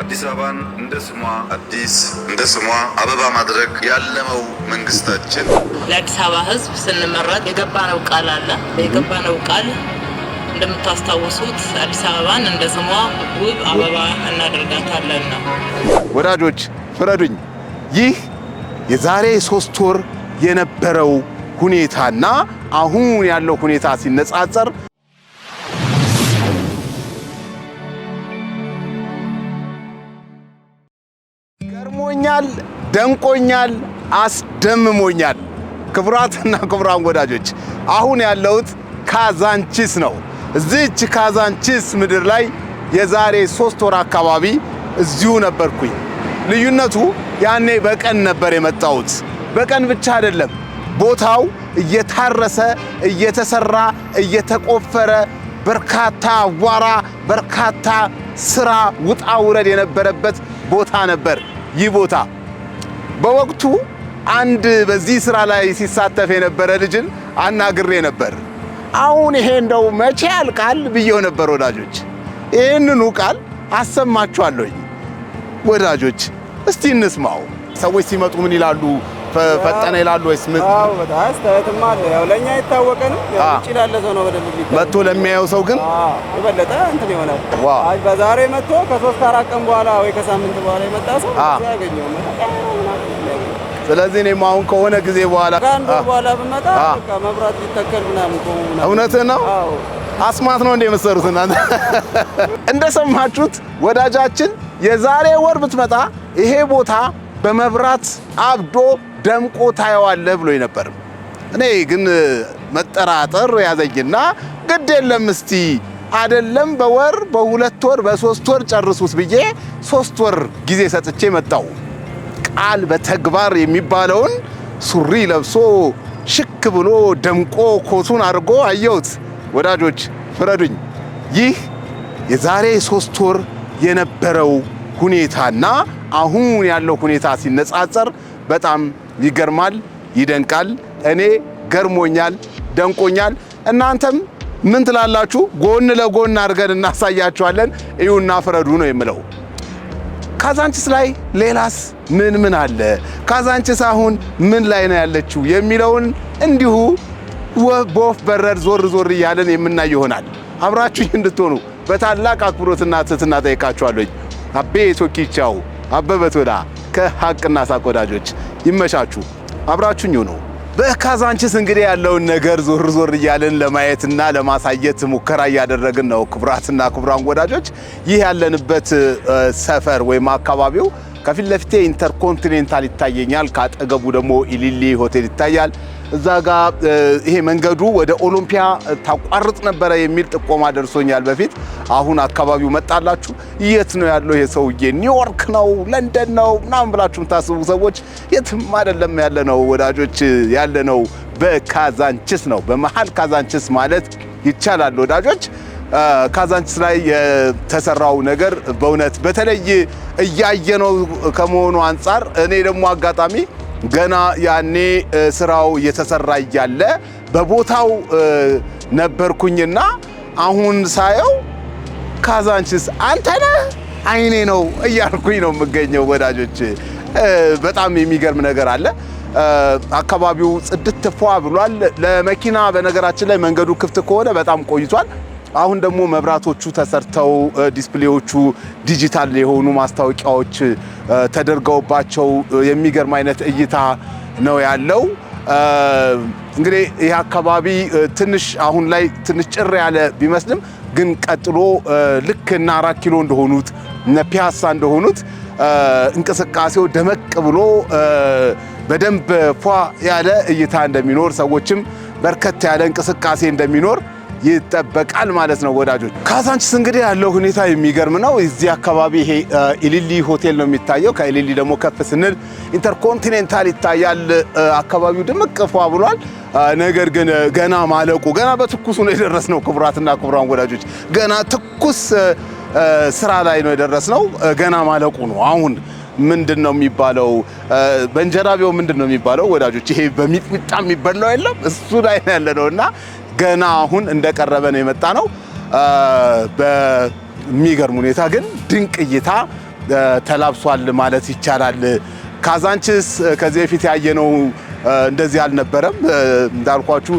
አዲስ አበባን እንደ ስሟ አዲስ እንደ ስሟ አበባ ማድረግ ያለመው መንግስታችን ለአዲስ አበባ ህዝብ ስንመረጥ የገባነው ቃል አለ። የገባነው ቃል እንደምታስታውሱት አዲስ አበባን እንደ ስሟ ውብ አበባ እናደርጋታለን ነው። ወዳጆች ፍረዱኝ። ይህ የዛሬ ሶስት ወር የነበረው ሁኔታና አሁን ያለው ሁኔታ ሲነጻጸር አስቆጥቶኛል፣ ደንቆኛል፣ አስደምሞኛል። ክቡራትና ክቡራን ወዳጆች አሁን ያለሁት ካዛንቺስ ነው። እዚች ካዛንቺስ ምድር ላይ የዛሬ ሶስት ወር አካባቢ እዚሁ ነበርኩኝ። ልዩነቱ ያኔ በቀን ነበር የመጣሁት። በቀን ብቻ አይደለም፣ ቦታው እየታረሰ እየተሰራ እየተቆፈረ በርካታ አቧራ፣ በርካታ ስራ ውጣ ውረድ የነበረበት ቦታ ነበር። ይህ ቦታ በወቅቱ አንድ በዚህ ስራ ላይ ሲሳተፍ የነበረ ልጅን አናግሬ ነበር። አሁን ይሄ እንደው መቼ ያልቃል ብዬው ነበር። ወዳጆች ይህንኑ ቃል አሰማችኋለሁኝ። ወዳጆች እስቲ እንስማው። ሰዎች ሲመጡ ምን ይላሉ? ፈጠነ ይላሉ ወይስ ምን? አዎ በጣም አስተያየትም አለ። ያው ለኛ የታወቀ ነው። ያው ውጪ ላለ ሰው ነው በደንብ ቢታይ መጥቶ ለሚያየው ሰው ግን የበለጠ እንትን ይሆናል። አይ በዛሬ መጥቶ ከሶስት አራት ቀን በኋላ ወይ ከሳምንት በኋላ የመጣ ሰው ያገኘው ስለዚህ እኔም አሁን ከሆነ ጊዜ በኋላ ከአንዱ በኋላ ብመጣ በቃ መብራት ሊተከል ምናምን ከሆነ እውነትህ ነው። አስማት ነው እንደ የመሰሩት እናንተ እንደሰማችሁት ወዳጃችን የዛሬ ወር ብትመጣ ይሄ ቦታ በመብራት አብዶ ደምቆ ታየዋለህ ብሎ ነበር። እኔ ግን መጠራጠር ያዘኝና ግድ የለም እስቲ አደለም በወር በሁለት ወር በሶስት ወር ጨርሱት ብዬ ሶስት ወር ጊዜ ሰጥቼ መጣው። ቃል በተግባር የሚባለውን ሱሪ ለብሶ ሽክ ብሎ ደምቆ ኮቱን አድርጎ አየሁት። ወዳጆች ፍረዱኝ። ይህ የዛሬ ሶስት ወር የነበረው ሁኔታና አሁን ያለው ሁኔታ ሲነጻጸር በጣም ይገርማል፣ ይደንቃል። እኔ ገርሞኛል፣ ደንቆኛል። እናንተም ምን ትላላችሁ? ጎን ለጎን አድርገን እናሳያችኋለን። እዩና ፍረዱ ነው የምለው። ካዛንችስ ላይ ሌላስ ምን ምን አለ? ካዛንችስ አሁን ምን ላይ ነው ያለችው የሚለውን እንዲሁ በወፍ በረር ዞር ዞር እያለን የምናይ ይሆናል። አብራችሁ እንድትሆኑ በታላቅ አክብሮትና ትህትና ጠይቃችኋለሁ። አቤ ቶኪቻው አበበቶላ? ከሀቅና ሳቅ ወዳጆች ይመሻችሁ፣ አብራችሁኝ ሆኖ በካዛንችስ እንግዲህ ያለውን ነገር ዞር ዞር እያልን ለማየትና ለማሳየት ሙከራ እያደረግን ነው። ክቡራትና ክቡራን ወዳጆች ይህ ያለንበት ሰፈር ወይም አካባቢው ከፊት ለፊቴ ኢንተርኮንቲኔንታል ይታየኛል። ካጠገቡ ደግሞ ኢሊሊ ሆቴል ይታያል። እዛ ጋ ይሄ መንገዱ ወደ ኦሎምፒያ ታቋርጥ ነበረ የሚል ጥቆማ ደርሶኛል በፊት። አሁን አካባቢው መጣላችሁ የት ነው ያለው ይሄ ሰውዬ? ኒውዮርክ ነው ለንደን ነው ምናምን ብላችሁ የምታስቡ ሰዎች የትም አይደለም ያለ ነው ወዳጆች፣ ያለ ነው በካዛንችስ ነው። በመሀል ካዛንችስ ማለት ይቻላል ወዳጆች። ካዛንችስ ላይ የተሰራው ነገር በእውነት በተለይ እያየነው ከመሆኑ አንጻር እኔ ደግሞ አጋጣሚ ገና ያኔ ስራው እየተሰራ እያለ በቦታው ነበርኩኝና አሁን ሳየው ካዛንችስ አንተ ነህ አይኔ ነው እያልኩኝ ነው የምገኘው። ወዳጆች በጣም የሚገርም ነገር አለ። አካባቢው ጽድት ፏ ብሏል። ለመኪና በነገራችን ላይ መንገዱ ክፍት ከሆነ በጣም ቆይቷል። አሁን ደግሞ መብራቶቹ ተሰርተው ዲስፕሌዎቹ ዲጂታል የሆኑ ማስታወቂያዎች ተደርገውባቸው የሚገርም አይነት እይታ ነው ያለው። እንግዲህ ይህ አካባቢ ትንሽ አሁን ላይ ትንሽ ጭር ያለ ቢመስልም ግን ቀጥሎ ልክ እና አራት ኪሎ እንደሆኑት እነ ፒያሳ እንደሆኑት እንቅስቃሴው ደመቅ ብሎ በደንብ ፏ ያለ እይታ እንደሚኖር ሰዎችም በርከት ያለ እንቅስቃሴ እንደሚኖር ይጠበቃል ማለት ነው ወዳጆች። ካዛንቺስ እንግዲህ ያለው ሁኔታ የሚገርም ነው። እዚህ አካባቢ ይሄ ኢሊሊ ሆቴል ነው የሚታየው። ከኢሊሊ ደግሞ ከፍ ስንል ኢንተርኮንቲኔንታል ይታያል። አካባቢው ድምቅ ፏ ብሏል። ነገር ግን ገና ማለቁ ገና በትኩሱ ነው የደረስነው። ክቡራትና ክቡራን ወዳጆች ገና ትኩስ ስራ ላይ ነው የደረስነው። ገና ማለቁ ነው አሁን ምንድን ነው የሚባለው? በእንጀራ ቢሆን ምንድን ነው የሚባለው ወዳጆች? ይሄ በሚጥሚጣ የሚበላው የለም እሱ ላይ ያለ ነው እና ገና አሁን እንደቀረበ ነው የመጣ ነው። በሚገርም ሁኔታ ግን ድንቅ እይታ ተላብሷል ማለት ይቻላል። ካዛንችስ ከዚህ በፊት ያየነው እንደዚህ አልነበረም። እንዳልኳችሁ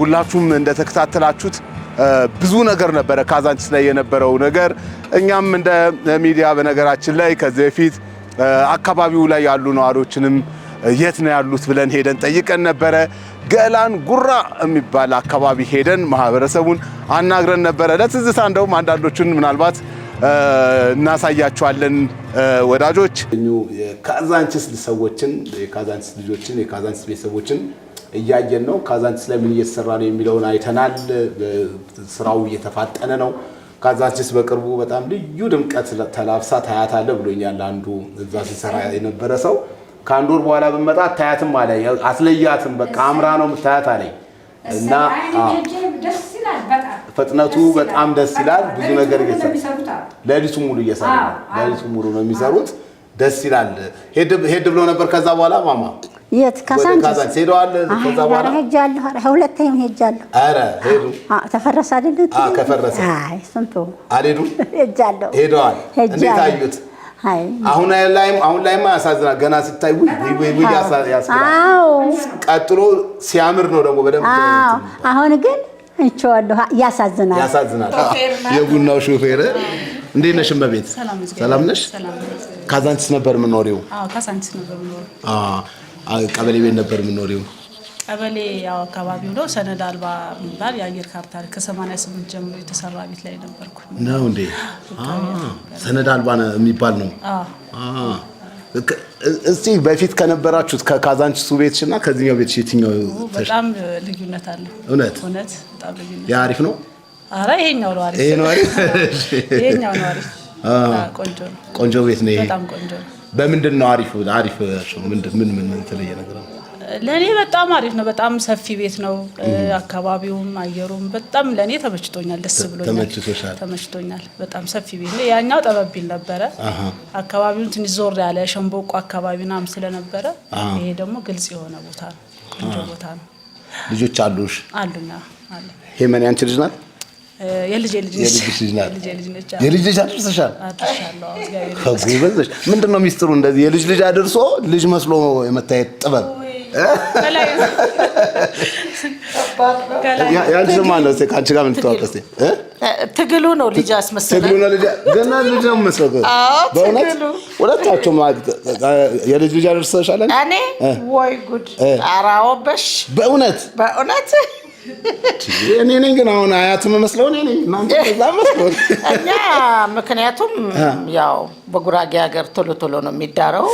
ሁላችሁም እንደተከታተላችሁት ብዙ ነገር ነበረ ካዛንችስ ላይ የነበረው ነገር። እኛም እንደ ሚዲያ በነገራችን ላይ ከዚህ በፊት አካባቢው ላይ ያሉ ነዋሪዎችንም የት ነው ያሉት ብለን ሄደን ጠይቀን ነበረ። ገላን ጉራ የሚባል አካባቢ ሄደን ማህበረሰቡን አናግረን ነበረ። ለትዝታ እንደውም አንዳንዶቹን ምናልባት እናሳያቸዋለን። ወዳጆች የካዛንችስ ሰዎችን የካዛንችስ ልጆችን የካዛንችስ ቤተሰቦችን እያየን ነው። ካዛንችስ ላይ ምን እየተሰራ ነው የሚለውን አይተናል። ስራው እየተፋጠነ ነው። ካዛንችስ በቅርቡ በጣም ልዩ ድምቀት ተላብሳ ታያታለ ብሎኛል አንዱ እዛ ሲሰራ የነበረ ሰው ከአንድ ወር በኋላ ብመጣ ታያትም አለ። አትለያትም፣ በቃ አምራ ነው የምታያት አለኝ። እና ፍጥነቱ በጣም ደስ ይላል። ብዙ ነገር ለሊቱ ሙሉ እየሰሩ ለሊቱ ሙሉ ነው የሚሰሩት። ደስ ይላል። ሄድ ብሎ ነበር። ከዛ በኋላ ማማ የት ካዛንቺስ ሄደዋል። ከዛ በኋላ ሄጃለሁ። አረ ሁለቴም ሄጃለሁ። አረ ሄዱ ተፈረሰ አይደል? አዎ ከፈረሰ። አይ ስንቱ አልሄዱም። ሄጃለሁ። ሄደዋል። እንዴት አዩት? አሁን ላይ አሁን ላይ ያሳዝናል። ገና ስታይ ውይ ያስብላል። ቀጥሎ ሲያምር ነው ደግሞ በደንብ አሁን ግን እችዋለሁ ያሳዝናል፣ ያሳዝናል። የቡናው ሾፌር እንዴት ነሽ? እመቤት ሰላም ነሽ? ካዛንቺስ ነበር የምኖሪው? አዎ፣ ካዛንቺስ ነበር የምኖሪው። አዎ፣ ቀበሌ ቤት ነበር የምኖሪው። ቀበሌ ያው አካባቢው ነው። ሰነድ አልባ የሚባል የአየር ካርታ ከ ስምንት ጀምሮ የተሰራ ቤት ላይ ነበርኩ። ነው እንዴ? ሰነድ አልባ የሚባል ነው። እስቲ በፊት ከነበራችሁት ከካዛንችሱ ቤትሽ እና ከዚህኛው ቤትሽ የትኛው በጣም ልዩነት አለ? እውነት እውነት፣ በጣም ልዩነት። ያ ነው። ኧረ ይሄኛው ነው አሪፍ። ይሄኛው ነው አሪፍ። ቆንጆ ቤት ነው ይሄ። በጣም ቆንጆ በምንድን ነው አሪፍ? አሪፍ ምን ምን ምን የተለየ ነገር ነው? ለእኔ በጣም አሪፍ ነው። በጣም ሰፊ ቤት ነው። አካባቢውም አየሩም በጣም ለእኔ ተመችቶኛል፣ ደስ ብሎኛል፣ ተመችቶኛል። በጣም ሰፊ ቤት ነው። ያኛው ጠበብ ይል ነበረ። አካባቢውን ትንሽ ዞር ያለ ሸንቦቆ አካባቢ ምናምን ስለነበረ ይሄ ደግሞ ግልጽ የሆነ ቦታ ነው። ቆንጆ ቦታ ነው። ልጆች አሉሽ? አሉኛ አሉ። ሄመን ያንቺ ልጅ ናት? የልጅ ልጅ ነች። የልጅ ልጅ አድርሰሻል። ጎበዝ ነሽ። ምንድን ነው ሚስጥሩ? እንደዚህ የልጅ ልጅ አድርሶ ልጅ መስሎ የመታየት ጥበብ ያንቺ ማን ነው? ከአንቺ ጋር ትግሉ ነው ልጅ ትግሉ ነው ልጅ ገና ልጅ ነው በእውነት የልጅ ልጅ እኔ ወይ ጉድ! ኧረ አወበሽ! በእውነት በእውነት እኔ ነኝ ግን አሁን አያት እኛ ምክንያቱም ያው በጉራጌ ሀገር ቶሎ ቶሎ ነው የሚዳረው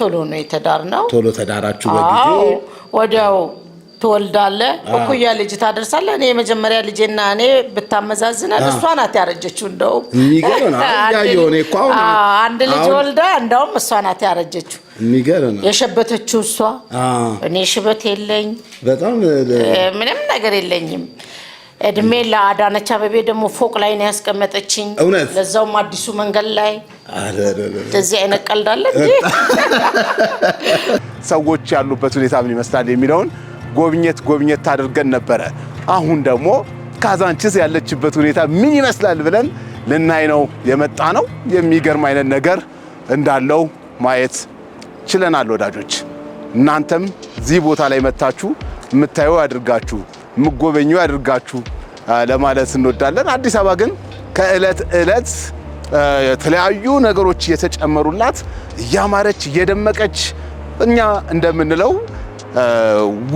ቶሎ ነው የተዳር ነው። ቶሎ ተዳራችሁ በጊዜ ወዲያው ትወልዳለህ። እኩያ ልጅ ታደርሳለ እኔ የመጀመሪያ ልጄና እኔ ብታመዛዝነን እሷ ናት ያረጀችው። እንደውም አንድ ልጅ ወልዳ እንደውም እሷ ናት ያረጀችው። የሚገርም የሸበተችው እሷ። እኔ ሽበት የለኝ፣ በጣም ምንም ነገር የለኝም። እድሜ ለአዳነች አበቤ ደግሞ ፎቅ ላይ ነው ያስቀመጠችኝ። እውነት ለዛውም አዲሱ መንገድ ላይ እንደዚህ አይነት ቀልዳለ ሰዎች ያሉበት ሁኔታ ምን ይመስላል የሚለውን ጎብኘት ጎብኘት አድርገን ነበረ። አሁን ደግሞ ካዛንችስ ያለችበት ሁኔታ ምን ይመስላል ብለን ልናይ ነው የመጣ ነው። የሚገርም አይነት ነገር እንዳለው ማየት ችለናል። ወዳጆች እናንተም እዚህ ቦታ ላይ መታችሁ የምታዩ ያድርጋችሁ የምጎበኘው ያድርጋችሁ። ለማለት እንወዳለን። አዲስ አበባ ግን ከእለት እለት የተለያዩ ነገሮች እየተጨመሩላት እያማረች እየደመቀች እኛ እንደምንለው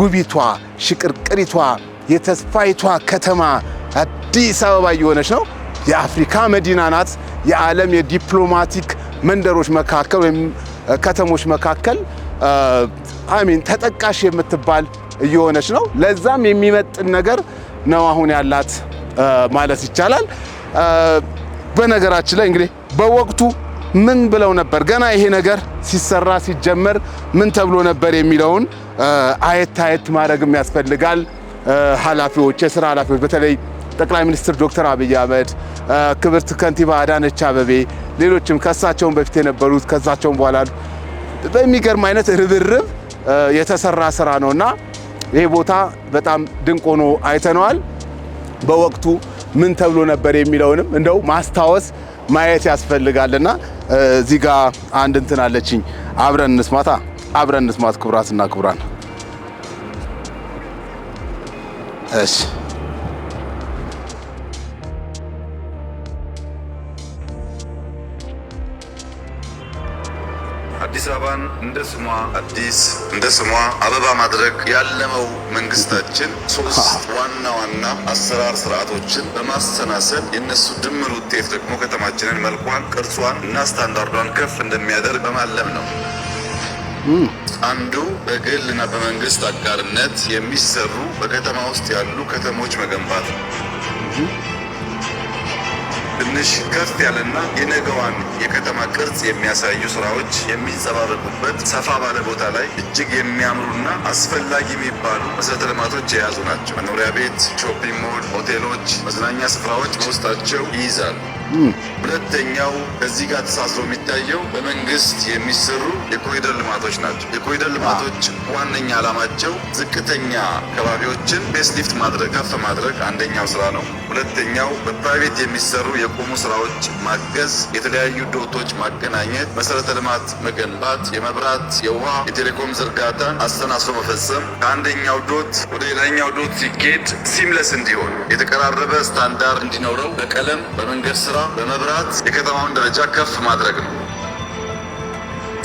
ውቢቷ ሽቅርቅሪቷ የተስፋይቷ ከተማ አዲስ አበባ እየሆነች ነው። የአፍሪካ መዲና ናት። የዓለም የዲፕሎማቲክ መንደሮች መካከል ወይም ከተሞች መካከል አሚን ተጠቃሽ የምትባል እየሆነች ነው። ለዛም የሚመጥን ነገር ነው አሁን ያላት ማለት ይቻላል። በነገራችን ላይ እንግዲህ በወቅቱ ምን ብለው ነበር ገና ይሄ ነገር ሲሰራ ሲጀመር ምን ተብሎ ነበር የሚለውን አየት አየት ማድረግም ያስፈልጋል። ኃላፊዎች፣ የስራ ኃላፊዎች በተለይ ጠቅላይ ሚኒስትር ዶክተር አብይ አህመድ፣ ክብርት ከንቲባ አዳነች አበቤ፣ ሌሎችም ከሳቸውን በፊት የነበሩት ከሳቸውን በኋላ በሚገርም አይነት ርብርብ የተሰራ ስራ ነውና ይሄ ቦታ በጣም ድንቅ ሆኖ አይተነዋል። በወቅቱ ምን ተብሎ ነበር የሚለውንም እንደው ማስታወስ ማየት ያስፈልጋልና እዚህ ጋር አንድ እንትን አለችኝ። አብረን እንስማታ፣ አብረን እንስማት። ክቡራትና ክቡራን እሺ እንደ ስሟ አዲስ እንደ ስሟ አበባ ማድረግ ያለመው መንግስታችን ሶስት ዋና ዋና አሰራር ስርዓቶችን በማሰናሰል የእነሱ ድምር ውጤት ደግሞ ከተማችንን መልኳን፣ ቅርጿን እና ስታንዳርዷን ከፍ እንደሚያደርግ በማለም ነው። አንዱ በግል እና በመንግስት አጋርነት የሚሰሩ በከተማ ውስጥ ያሉ ከተሞች መገንባት ነው። ትንሽ ከፍ ያለና የነገዋን የከተማ ቅርጽ የሚያሳዩ ስራዎች የሚንጸባረቁበት ሰፋ ባለ ቦታ ላይ እጅግ የሚያምሩና አስፈላጊ የሚባሉ መሰረተ ልማቶች የያዙ ናቸው። መኖሪያ ቤት፣ ሾፒንግ ሞል፣ ሆቴሎች፣ መዝናኛ ስፍራዎች በውስጣቸው ይይዛሉ። ሁለተኛው ከዚህ ጋር ተሳስሮ የሚታየው በመንግስት የሚሰሩ የኮሪደር ልማቶች ናቸው። የኮሪደር ልማቶች ዋነኛ ዓላማቸው ዝቅተኛ አካባቢዎችን ፌስሊፍት ማድረግ ከፍ ማድረግ አንደኛው ስራ ነው። ሁለተኛው በፕራይቬት የሚሰሩ የቆሙ ስራዎች ማገዝ፣ የተለያዩ ዶቶች ማገናኘት፣ መሰረተ ልማት መገንባት፣ የመብራት የውሃ፣ የቴሌኮም ዝርጋታ አስተናስሮ መፈጸም ከአንደኛው ዶት ወደ ሌላኛው ዶት ሲኬድ ሲምለስ እንዲሆን የተቀራረበ ስታንዳርድ እንዲኖረው በቀለም በመንገድ ስራ በመብራት የከተማውን ደረጃ ከፍ ማድረግ ነው።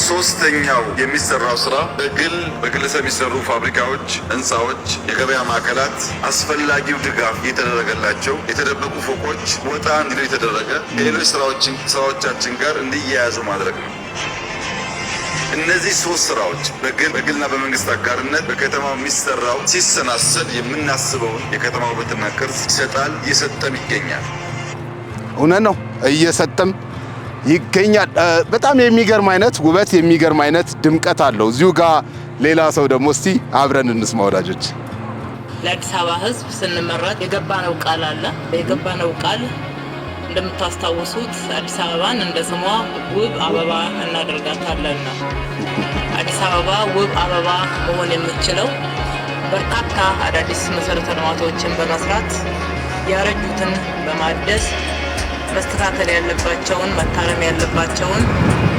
ሶስተኛው የሚሰራው ስራ በግል በግለሰብ የሚሰሩ ፋብሪካዎች፣ ህንፃዎች፣ የገበያ ማዕከላት አስፈላጊው ድጋፍ እየተደረገላቸው የተደበቁ ፎቆች ወጣ እንዲሉ የተደረገ ከሌሎች ስራዎቻችን ጋር እንዲያያዙ ማድረግ ነው። እነዚህ ሶስት ስራዎች በግል በግልና በመንግስት አጋርነት በከተማው የሚሰራው ሲሰናሰል የምናስበውን የከተማ ውበትና ቅርጽ ይሰጣል፣ እየሰጠም ይገኛል። እውነት ነው እየሰጠም ይገኛል። በጣም የሚገርም አይነት ውበት የሚገርም አይነት ድምቀት አለው። እዚሁ ጋር ሌላ ሰው ደግሞ እስቲ አብረን እንስማ ወዳጆች። ለአዲስ አበባ ህዝብ ስንመረጥ የገባነው ቃል አለ። የገባነው ቃል እንደምታስታውሱት አዲስ አበባን እንደ ስሟ ውብ አበባ እናደርጋታለን ነው። አዲስ አበባ ውብ አበባ መሆን የምትችለው በርካታ አዳዲስ መሰረተ ልማቶችን በመስራት ያረጁትን በማደስ መስተካከል ያለባቸውን መታረም ያለባቸውን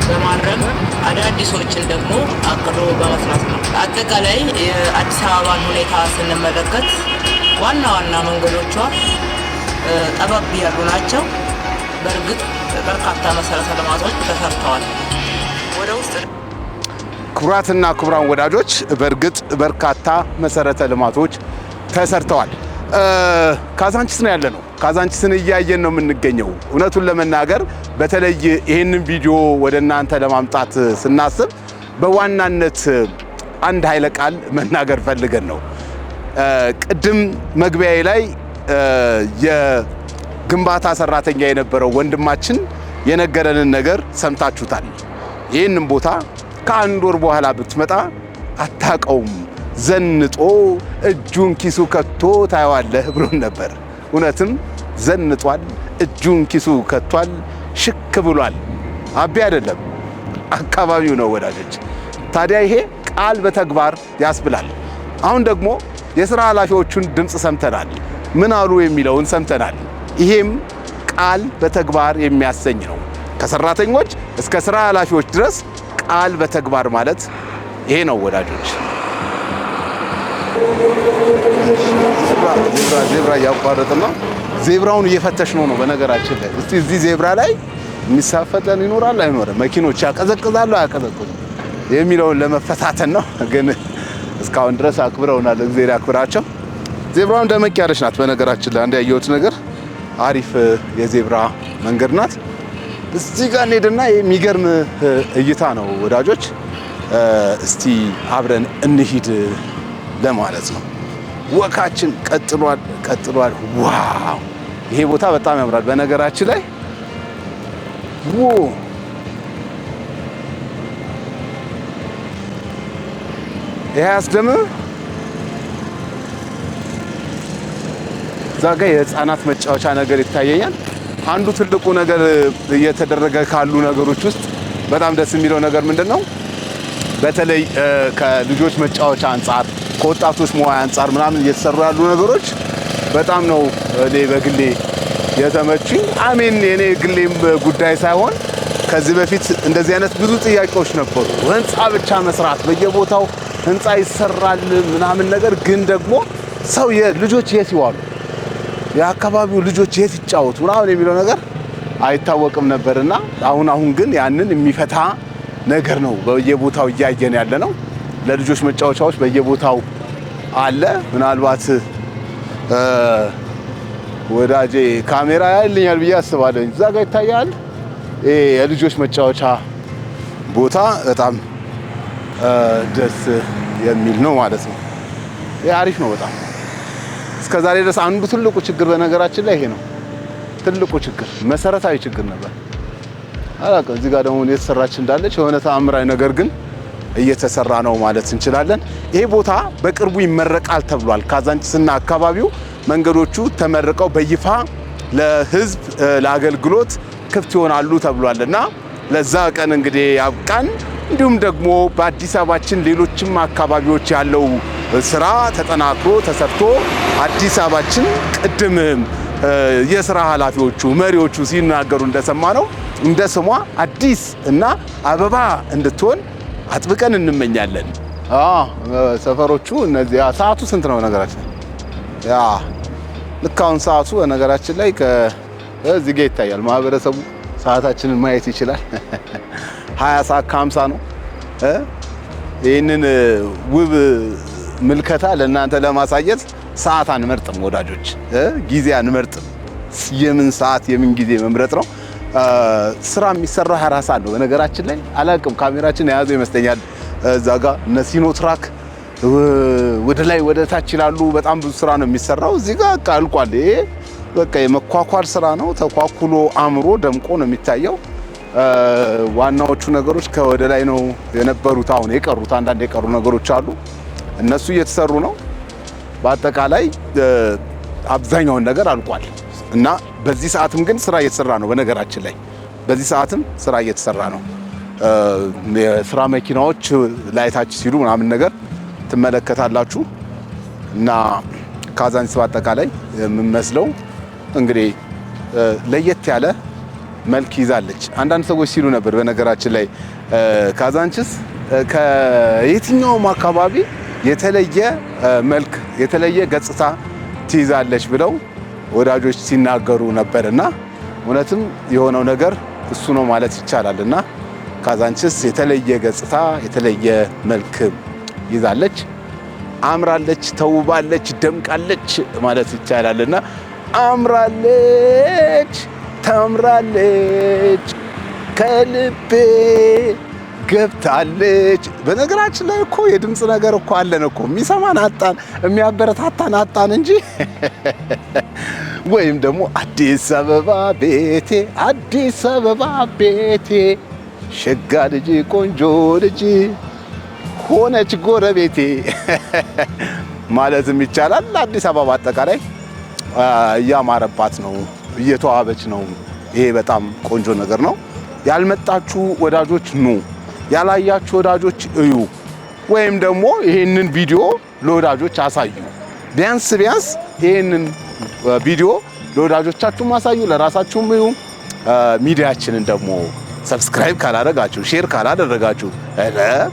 በማድረግ አዳዲሶችን ደግሞ አቅዶ በመስራት ነው። አጠቃላይ የአዲስ አበባን ሁኔታ ስንመለከት ዋና ዋና መንገዶቿ ጠበብ ያሉ ናቸው። በእርግጥ በርካታ መሰረተ ልማቶች ተሰርተዋል። ወደ ውስጥ ክቡራትና ክቡራን ወዳጆች በእርግጥ በርካታ መሰረተ ልማቶች ተሰርተዋል። ካዛንችስ ነው ያለ ነው። ካዛንችስን እያየን ነው የምንገኘው። እውነቱን ለመናገር በተለይ ይህንን ቪዲዮ ወደ እናንተ ለማምጣት ስናስብ በዋናነት አንድ ኃይለ ቃል መናገር ፈልገን ነው። ቅድም መግቢያ ላይ የግንባታ ሰራተኛ የነበረው ወንድማችን የነገረንን ነገር ሰምታችሁታል። ይህንን ቦታ ከአንድ ወር በኋላ ብትመጣ አታቀውም፣ ዘንጦ እጁን ኪሱ ከቶ ታየዋለህ ብሎን ነበር። እውነትም ዘንጧል፣ እጁን ኪሱ ከቷል፣ ሽክ ብሏል። አቤ አይደለም አካባቢው ነው ወዳጆች። ታዲያ ይሄ ቃል በተግባር ያስብላል። አሁን ደግሞ የሥራ ኃላፊዎቹን ድምፅ ሰምተናል። ምን አሉ የሚለውን ሰምተናል። ይሄም ቃል በተግባር የሚያሰኝ ነው። ከሰራተኞች እስከ ሥራ ኃላፊዎች ድረስ ቃል በተግባር ማለት ይሄ ነው ወዳጆች። ዜብራ ዜብራ እያቋረጥን ነው። ዜብራውን እየፈተሽ ነው ነው። በነገራችን ላይ እስቲ እዚህ ዜብራ ላይ የሚሳፈጠን ይኖራል አይኖርም፣ መኪኖች ያቀዘቅዛሉ አያቀዘቅዙ የሚለውን ለመፈታተን ነው። ግን እስካሁን ድረስ አክብረውናል። እግዜር ያክብራቸው። ዜብራውን ደመቅ ያለች ናት። በነገራችን ላይ አንድ ያየሁት ነገር አሪፍ የዜብራ መንገድ ናት። እዚህ ጋር እንሄድና የሚገርም እይታ ነው ወዳጆች፣ እስቲ አብረን እንሂድ። ለማለት ነው። ወካችን ቀጥሏል ቀጥሏል። ዋው ይሄ ቦታ በጣም ያምራል። በነገራችን ላይ ው ይሄ አያስደምም? እዛ ጋ የህፃናት መጫወቻ ነገር ይታየኛል። አንዱ ትልቁ ነገር እየተደረገ ካሉ ነገሮች ውስጥ በጣም ደስ የሚለው ነገር ምንድን ነው? በተለይ ከልጆች መጫወቻ አንጻር ከወጣቶች ሙያ አንጻር ምናምን እየተሰሩ ያሉ ነገሮች በጣም ነው እኔ በግሌ የተመችኝ። አሜን የኔ ግሌም ጉዳይ ሳይሆን ከዚህ በፊት እንደዚህ አይነት ብዙ ጥያቄዎች ነበሩ። ህንፃ ብቻ መስራት በየቦታው ህንፃ ይሰራል ምናምን፣ ነገር ግን ደግሞ ሰው ልጆች የት ይዋሉ፣ የአካባቢው ልጆች የት ይጫወቱ ምናምን የሚለው ነገር አይታወቅም ነበር እና አሁን አሁን ግን ያንን የሚፈታ ነገር ነው በየቦታው እያየን ያለ ነው። ለልጆች መጫወቻዎች በየቦታው አለ። ምናልባት ወዳጄ ካሜራ ያልኛል ብዬ አስባለሁ። እዛ ጋር ይታያል የልጆች መጫወቻ ቦታ በጣም ደስ የሚል ነው ማለት ነው። ይሄ አሪፍ ነው በጣም እስከ ዛሬ ድረስ አንዱ ትልቁ ችግር በነገራችን ላይ ይሄ ነው። ትልቁ ችግር መሰረታዊ ችግር ነበር። አላውቅም እዚህ ጋር ደግሞ የተሰራች እንዳለች የሆነ ተአምራዊ ነገር ግን እየተሰራ ነው ማለት እንችላለን። ይሄ ቦታ በቅርቡ ይመረቃል ተብሏል። ካዛንቺስና አካባቢው መንገዶቹ ተመርቀው በይፋ ለህዝብ ለአገልግሎት ክፍት ይሆናሉ ተብሏል እና ለዛ ቀን እንግዲህ ያብቃን። እንዲሁም ደግሞ በአዲስ አበባችን ሌሎችም አካባቢዎች ያለው ስራ ተጠናክሮ ተሰርቶ አዲስ አበባችን ቅድም የስራ ኃላፊዎቹ መሪዎቹ ሲናገሩ እንደሰማ ነው እንደ ስሟ አዲስ እና አበባ እንድትሆን አጥብቀን እንመኛለን። ሰፈሮቹ እነዚህ ሰዓቱ ስንት ነው? ነገራችን ያ ልክ አሁን ሰዓቱ ነገራችን ላይ ከዚህ ጋ ይታያል። ማህበረሰቡ ሰዓታችንን ማየት ይችላል። ሀያ ሰዓት ከሀምሳ ነው። ይህንን ውብ ምልከታ ለእናንተ ለማሳየት ሰዓት አንመርጥም ወዳጆች፣ ጊዜ አንመርጥም። የምን ሰዓት የምን ጊዜ መምረጥ ነው ስራ የሚሰራ ሀራሳ ነው። በነገራችን ላይ አላቅም ካሜራችን የያዘ ይመስለኛል። እዛ ጋ እነ ሲኖ ትራክ ወደ ላይ ወደ ታች ይላሉ። በጣም ብዙ ስራ ነው የሚሰራው። እዚህ ጋር አልቋል። ይሄ በቃ የመኳኳል ስራ ነው። ተኳኩሎ አምሮ ደምቆ ነው የሚታየው። ዋናዎቹ ነገሮች ከወደ ላይ ነው የነበሩት። አሁን የቀሩት አንዳንድ የቀሩ ነገሮች አሉ። እነሱ እየተሰሩ ነው። በአጠቃላይ አብዛኛውን ነገር አልቋል። እና በዚህ ሰዓትም ግን ስራ እየተሰራ ነው። በነገራችን ላይ በዚህ ሰዓትም ስራ እየተሰራ ነው። የስራ መኪናዎች ላይታች ሲሉ ምናምን ነገር ትመለከታላችሁ። እና ካዛንቺስ በአጠቃላይ የምመስለው እንግዲህ ለየት ያለ መልክ ይዛለች። አንዳንድ ሰዎች ሲሉ ነበር በነገራችን ላይ ካዛንቺስ ከየትኛውም አካባቢ የተለየ መልክ የተለየ ገጽታ ትይዛለች ብለው ወዳጆች ሲናገሩ ነበር እና እውነትም የሆነው ነገር እሱ ነው ማለት ይቻላል እና ካዛንችስ የተለየ ገጽታ የተለየ መልክ ይዛለች፣ አምራለች፣ ተውባለች፣ ደምቃለች ማለት ይቻላል እና አምራለች፣ ተምራለች ከልቤ ገብታለች። በነገራችን ላይ እኮ የድምፅ ነገር እኮ አለን እኮ የሚሰማን አጣን፣ የሚያበረታታን አጣን እንጂ ወይም ደግሞ አዲስ አበባ ቤቴ፣ አዲስ አበባ ቤቴ፣ ሸጋ ልጅ፣ ቆንጆ ልጅ ሆነች ጎረቤቴ ማለትም ይቻላል። አዲስ አበባ አጠቃላይ እያማረባት ነው፣ እየተዋበች ነው። ይሄ በጣም ቆንጆ ነገር ነው። ያልመጣችሁ ወዳጆች ኑ። ያላያችሁ ወዳጆች እዩ፣ ወይም ደግሞ ይህንን ቪዲዮ ለወዳጆች አሳዩ። ቢያንስ ቢያንስ ይህንን ቪዲዮ ለወዳጆቻችሁም አሳዩ፣ ለራሳችሁም እዩ። ሚዲያችንን ደግሞ ሰብስክራይብ ካላደረጋችሁ ሼር ካላደረጋችሁ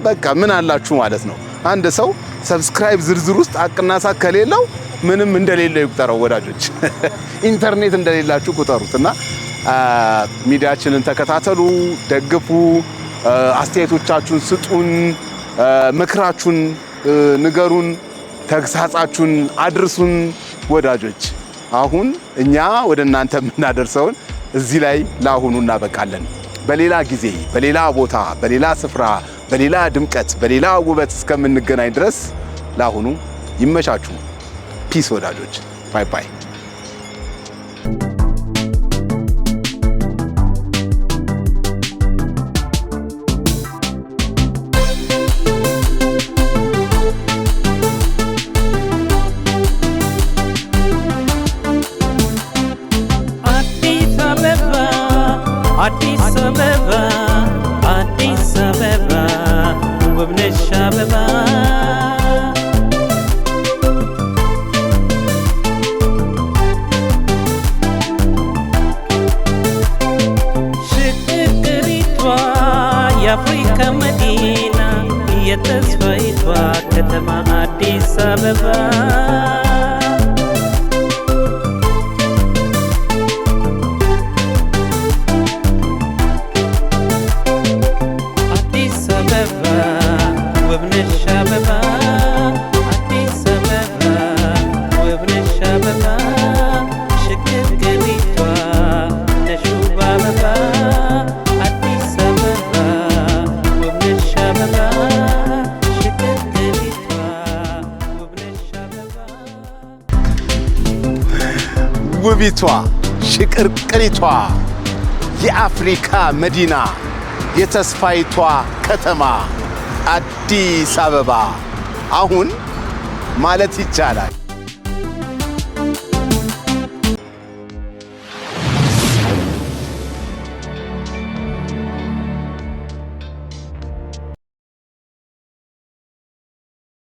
በቃ ምን አላችሁ ማለት ነው። አንድ ሰው ሰብስክራይብ ዝርዝር ውስጥ አቅናሳ ከሌለው ምንም እንደሌለ ይቁጠረው። ወዳጆች ኢንተርኔት እንደሌላችሁ ቁጠሩት እና ሚዲያችንን ተከታተሉ፣ ደግፉ። አስተያየቶቻችሁን ስጡን፣ ምክራችሁን ንገሩን፣ ተግሳጻችሁን አድርሱን። ወዳጆች አሁን እኛ ወደ እናንተ የምናደርሰውን እዚህ ላይ ለአሁኑ እናበቃለን። በሌላ ጊዜ፣ በሌላ ቦታ፣ በሌላ ስፍራ፣ በሌላ ድምቀት፣ በሌላ ውበት እስከምንገናኝ ድረስ ለአሁኑ ይመቻችሁ። ፒስ ወዳጆች፣ ባይ ባይ። ውቢቷ ሽቅርቅሪቷ የአፍሪካ መዲና የተስፋይቷ ከተማ አዲስ አበባ አሁን ማለት ይቻላል